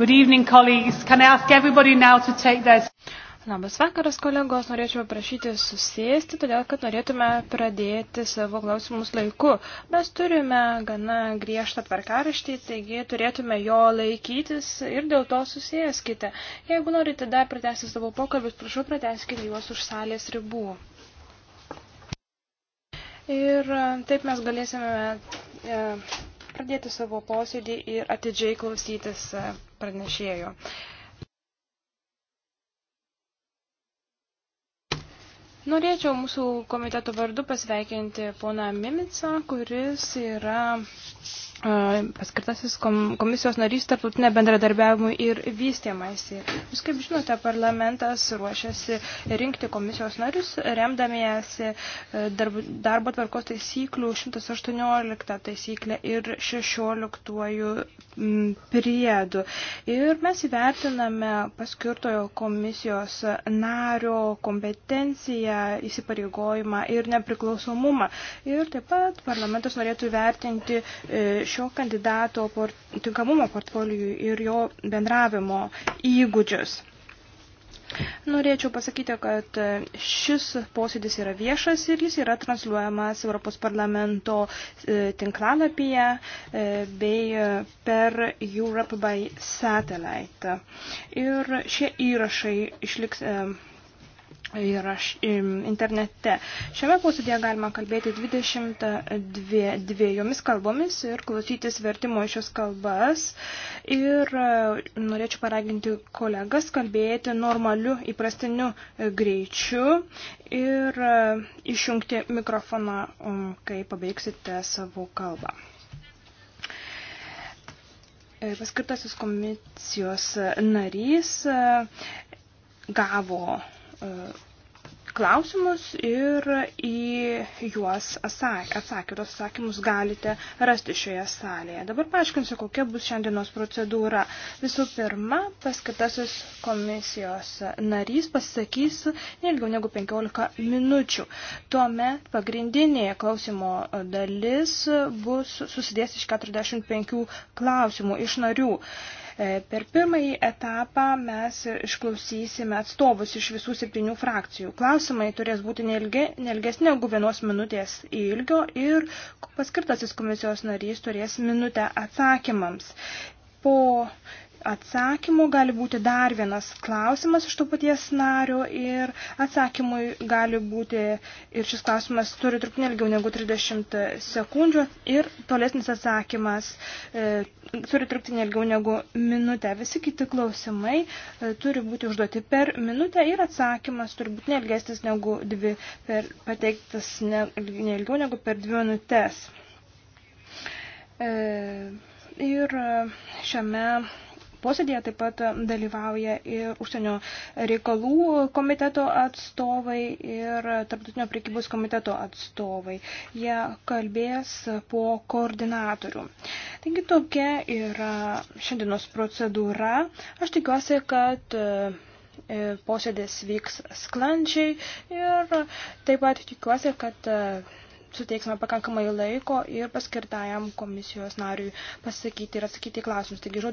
Good evening, colleagues. Can I ask everybody now to take their... Labas vakaras, kolegos. Norėčiau prašyti susėsti, todėl kad norėtume pradėti savo klausimus laiku. Mes turime gana griežtą tvarkaraštį, taigi turėtume jo laikytis ir dėl to susėskite. Jeigu norite dar pratesti savo pokalbius, prašau prateskite juos už salės ribų. Ir e, taip mes galėsime. E, pradėti savo posėdį ir atidžiai klausytis e, pranešėjo. Norėčiau mūsų komiteto vardu pasveikinti poną Mimicą, kuris yra paskirtasis komisijos narys tarptautinė bendradarbiavimui ir vystimaisi. Jūs kaip žinote, parlamentas ruošiasi rinkti komisijos narius, remdamiesi e, darbo tvarkos taisyklių 118 taisyklę ir 16 priedų. Ir mes įvertiname paskirtojo komisijos nario kompetenciją, įsipareigojimą ir nepriklausomumą. Ir taip pat parlamentas norėtų įvertinti e, šio kandidato port, tinkamumo portfolijų ir jo bendravimo įgūdžius. Norėčiau pasakyti, kad šis posėdis yra viešas ir jis yra transliuojamas Europos parlamento e, tinklalapyje e, bei per Europe by Satellite. Ir šie įrašai išliks e, įraš, internete. Šiame posėdėje galima kalbėti 22 kalbomis ir klausytis vertimo iš šios kalbas. Ir e, norėčiau paraginti kolegas kalbėti normaliu įprastiniu e, greičiu ir e, išjungti mikrofoną, um, kai pabaigsite savo kalbą. Paskirtasis komisijos narys gavo uh, klausimus ir į juos atsakė. Tos atsakymus galite rasti šioje salėje. Dabar paaiškinsiu, kokia bus šiandienos procedūra. Visų pirma, paskatasis komisijos narys pasisakys nelgiau negu 15 minučių. Tuomet pagrindinė klausimo dalis bus susidės iš 45 klausimų iš narių. E, per pirmąjį etapą mes išklausysime atstovus iš visų septynių frakcijų. Klausimai klausimai turės būti neilgi, neilgesni negu vienos minutės ilgio ir paskirtasis komisijos narys turės minutę atsakymams. Po atsakymų gali būti dar vienas klausimas iš to paties nario ir atsakymui gali būti ir šis klausimas turi trukti ilgiau negu 30 sekundžių ir tolesnis atsakymas e, turi trukti ilgiau negu minutę. Visi kiti klausimai e, turi būti užduoti per minutę ir atsakymas turi būti nelgesnis negu dvi, per, pateiktas ne, nelgiau negu per dvi minutės. E, ir e, šiame Posėdėje taip pat dalyvauja ir užsienio reikalų komiteto atstovai ir tarptautinio priekybos komiteto atstovai. Jie kalbės po koordinatorių. Taigi tokia yra šiandienos procedūra. Aš tikiuosi, kad e, posėdės vyks sklandžiai ir taip pat tikiuosi, kad e, suteiksime pakankamai laiko ir paskirtajam komisijos nariui pasakyti ir atsakyti klausimus. Taigi, žodis